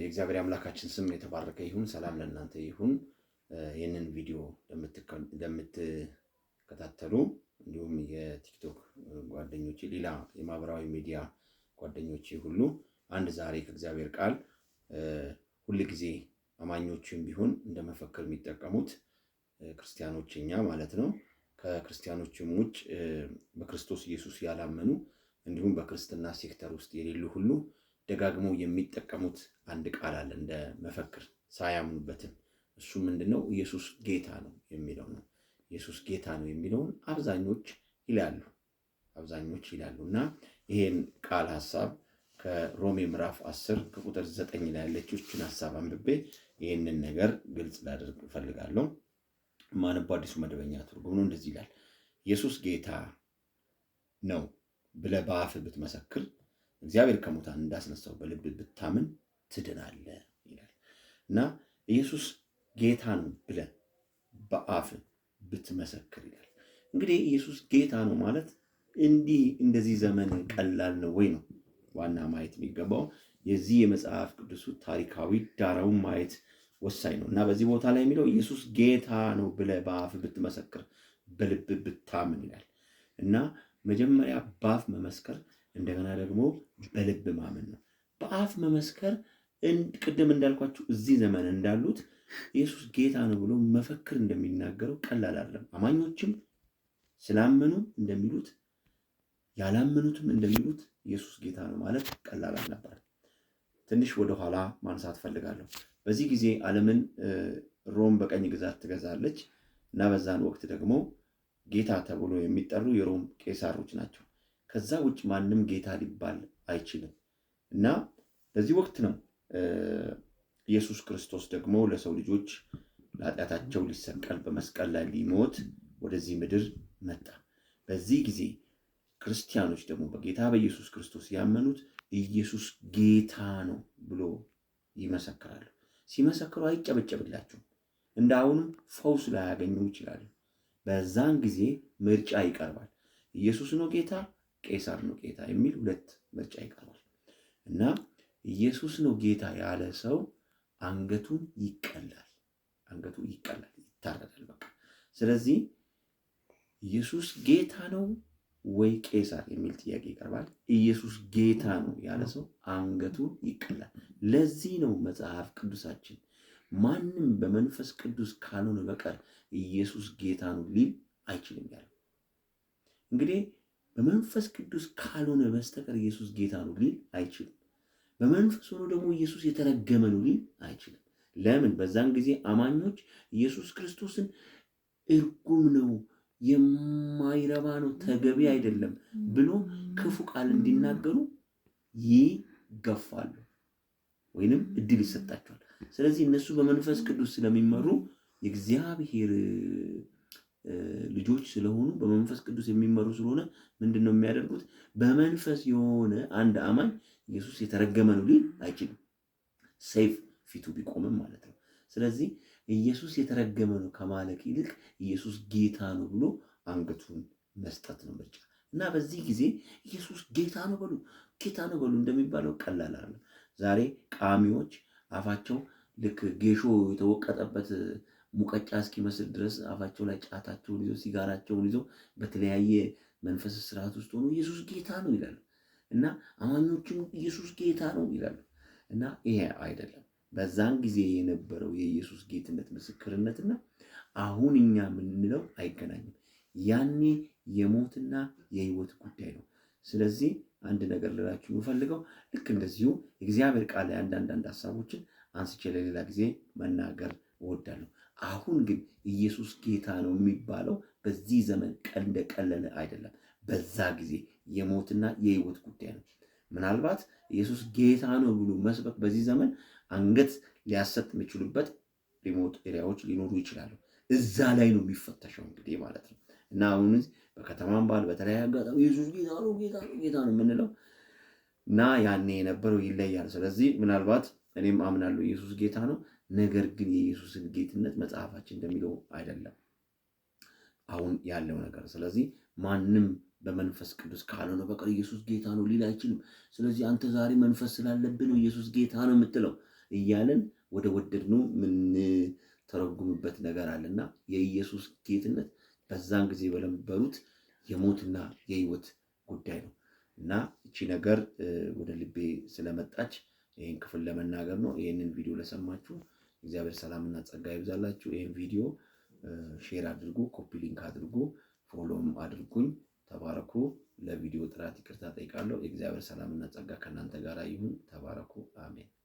የእግዚአብሔር አምላካችን ስም የተባረከ ይሁን። ሰላም ለእናንተ ይሁን። ይህንን ቪዲዮ ለምትከታተሉ እንዲሁም የቲክቶክ ጓደኞች ሌላ የማህበራዊ ሚዲያ ጓደኞች ሁሉ አንድ ዛሬ ከእግዚአብሔር ቃል ሁል ጊዜ አማኞችም ቢሆን እንደ መፈክር የሚጠቀሙት ክርስቲያኖች እኛ ማለት ነው። ከክርስቲያኖችም ውጭ በክርስቶስ ኢየሱስ ያላመኑ እንዲሁም በክርስትና ሴክተር ውስጥ የሌሉ ሁሉ ደጋግመው የሚጠቀሙት አንድ ቃል አለ እንደ መፈክር ሳያምኑበትም። እሱ ምንድን ነው? ኢየሱስ ጌታ ነው የሚለው ነው። ኢየሱስ ጌታ ነው የሚለውን አብዛኞች ይላሉ አብዛኞች ይላሉ እና ይሄን ቃል ሀሳብ ከሮሜ ምዕራፍ 10 ከቁጥር 9 ላይ ያለች ያለችችን ሀሳብ አንብቤ ይህንን ነገር ግልጽ ላደርግ እፈልጋለሁ። ማነባ አዲሱ መደበኛ ትርጉም ነው። እንደዚህ ይላል ኢየሱስ ጌታ ነው ብለህ በአፍ ብትመሰክር እግዚአብሔር ከሙታን እንዳስነሳው በልብ ብታምን ትድናለ ይላል እና ኢየሱስ ጌታ ነው ብለህ በአፍ ብትመሰክር ይላል። እንግዲህ ኢየሱስ ጌታ ነው ማለት እንዲህ እንደዚህ ዘመን ቀላል ነው ወይ ነው ዋና ማየት የሚገባው። የዚህ የመጽሐፍ ቅዱሱ ታሪካዊ ዳራውን ማየት ወሳኝ ነው እና በዚህ ቦታ ላይ የሚለው ኢየሱስ ጌታ ነው ብለ በአፍ ብትመሰክር፣ በልብ ብታምን ይላል እና መጀመሪያ በአፍ መመስከር እንደገና ደግሞ በልብ ማመን ነው። በአፍ መመስከር ቅድም እንዳልኳቸው እዚህ ዘመን እንዳሉት ኢየሱስ ጌታ ነው ብሎ መፈክር እንደሚናገረው ቀላል አይደለም። አማኞችም ስላመኑ እንደሚሉት ያላመኑትም እንደሚሉት ኢየሱስ ጌታ ነው ማለት ቀላል አልነበር። ትንሽ ወደኋላ ማንሳት ፈልጋለሁ። በዚህ ጊዜ ዓለምን ሮም በቀኝ ግዛት ትገዛለች እና በዛን ወቅት ደግሞ ጌታ ተብሎ የሚጠሩ የሮም ቄሳሮች ናቸው። ከዛ ውጭ ማንም ጌታ ሊባል አይችልም እና በዚህ ወቅት ነው ኢየሱስ ክርስቶስ ደግሞ ለሰው ልጆች ለኃጢአታቸው ሊሰቀል በመስቀል ላይ ሊሞት ወደዚህ ምድር መጣ። በዚህ ጊዜ ክርስቲያኖች ደግሞ በጌታ በኢየሱስ ክርስቶስ ያመኑት ኢየሱስ ጌታ ነው ብሎ ይመሰክራሉ። ሲመሰክሩ አይጨበጨብላቸውም። እንደ አሁንም ፈውስ ላያገኙ ይችላሉ። በዛን ጊዜ ምርጫ ይቀርባል። ኢየሱስ ነው ጌታ ቄሳር ነው ጌታ የሚል ሁለት ምርጫ ይቀራል እና ኢየሱስ ነው ጌታ ያለ ሰው አንገቱን ይቀላል፣ አንገቱ ይቀላል፣ ይታረዳል። በቃ ስለዚህ ኢየሱስ ጌታ ነው ወይ ቄሳር የሚል ጥያቄ ይቀርባል። ኢየሱስ ጌታ ነው ያለ ሰው አንገቱ ይቀላል። ለዚህ ነው መጽሐፍ ቅዱሳችን ማንም በመንፈስ ቅዱስ ካልሆነ በቀር ኢየሱስ ጌታ ነው ሊል አይችልም ያለው እንግዲህ በመንፈስ ቅዱስ ካልሆነ በስተቀር ኢየሱስ ጌታ ነው ሊል አይችልም። በመንፈስ ሆኖ ደግሞ ኢየሱስ የተረገመ ነው ሊል አይችልም። ለምን? በዛን ጊዜ አማኞች ኢየሱስ ክርስቶስን እርጉም ነው፣ የማይረባ ነው፣ ተገቢ አይደለም ብሎ ክፉ ቃል እንዲናገሩ ይገፋሉ ወይንም እድል ይሰጣቸዋል። ስለዚህ እነሱ በመንፈስ ቅዱስ ስለሚመሩ የእግዚአብሔር ልጆች ስለሆኑ በመንፈስ ቅዱስ የሚመሩ ስለሆነ ምንድን ነው የሚያደርጉት? በመንፈስ የሆነ አንድ አማኝ ኢየሱስ የተረገመ ነው ሊል አይችልም፣ ሰይፍ ፊቱ ቢቆምም ማለት ነው። ስለዚህ ኢየሱስ የተረገመ ነው ከማለቅ ይልቅ ኢየሱስ ጌታ ነው ብሎ አንገቱን መስጠት ነው ምርጫ እና በዚህ ጊዜ ኢየሱስ ጌታ ነው በሉ ጌታ ነው በሉ እንደሚባለው ቀላል አለ። ዛሬ ቃሚዎች አፋቸው ልክ ጌሾ የተወቀጠበት ሙቀጫ እስኪመስል ድረስ አፋቸው ላይ ጫታቸውን ይዞ ሲጋራቸውን ይዞ በተለያየ መንፈስ ስርዓት ውስጥ ሆኖ ኢየሱስ ጌታ ነው ይላሉ እና አማኞቹም ኢየሱስ ጌታ ነው ይላሉ እና ይሄ አይደለም። በዛን ጊዜ የነበረው የኢየሱስ ጌትነት ምስክርነትና አሁን እኛ የምንለው አይገናኝም። ያኔ የሞትና የህይወት ጉዳይ ነው። ስለዚህ አንድ ነገር ልላችሁ የምፈልገው ልክ እንደዚሁ እግዚአብሔር ቃል ላይ አንዳንድ አንድ ሀሳቦችን አንስቼ ለሌላ ጊዜ መናገር እወዳለሁ። አሁን ግን ኢየሱስ ጌታ ነው የሚባለው በዚህ ዘመን ቀን ቀለለ አይደለም። በዛ ጊዜ የሞትና የህይወት ጉዳይ ነው። ምናልባት ኢየሱስ ጌታ ነው ብሎ መስበክ በዚህ ዘመን አንገት ሊያሰጥ የሚችሉበት ሪሞት ኤሪያዎች ሊኖሩ ይችላሉ። እዛ ላይ ነው የሚፈተሸው እንግዲህ ማለት ነው። እና አሁን በከተማም ባል በተለያየ አጋጣሚ ኢየሱስ ጌታ ነው ጌታ ነው ጌታ ነው የምንለው እና ያኔ የነበረው ይለያል። ስለዚህ ምናልባት እኔም አምናለሁ ኢየሱስ ጌታ ነው። ነገር ግን የኢየሱስን ጌትነት መጽሐፋችን እንደሚለው አይደለም አሁን ያለው ነገር። ስለዚህ ማንም በመንፈስ ቅዱስ ካልሆነ በቀር ኢየሱስ ጌታ ነው ሊል አይችልም። ስለዚህ አንተ ዛሬ መንፈስ ስላለብን ኢየሱስ ጌታ ነው የምትለው እያለን ወደ ወደድነው የምንተረጉምበት ነገር አለና የኢየሱስ ጌትነት በዛን ጊዜ በለንበሩት የሞትና የህይወት ጉዳይ ነው እና እቺ ነገር ወደ ልቤ ስለመጣች ይህን ክፍል ለመናገር ነው። ይህንን ቪዲዮ ለሰማችሁ እግዚአብሔር ሰላምና ጸጋ ይብዛላችሁ። ይህን ቪዲዮ ሼር አድርጉ፣ ኮፒ ሊንክ አድርጉ፣ ፎሎም አድርጉን። ተባረኩ። ለቪዲዮ ጥራት ይቅርታ ጠይቃለሁ። የእግዚአብሔር ሰላምና ጸጋ ከእናንተ ጋር ይሁን። ተባረኩ። አሜን።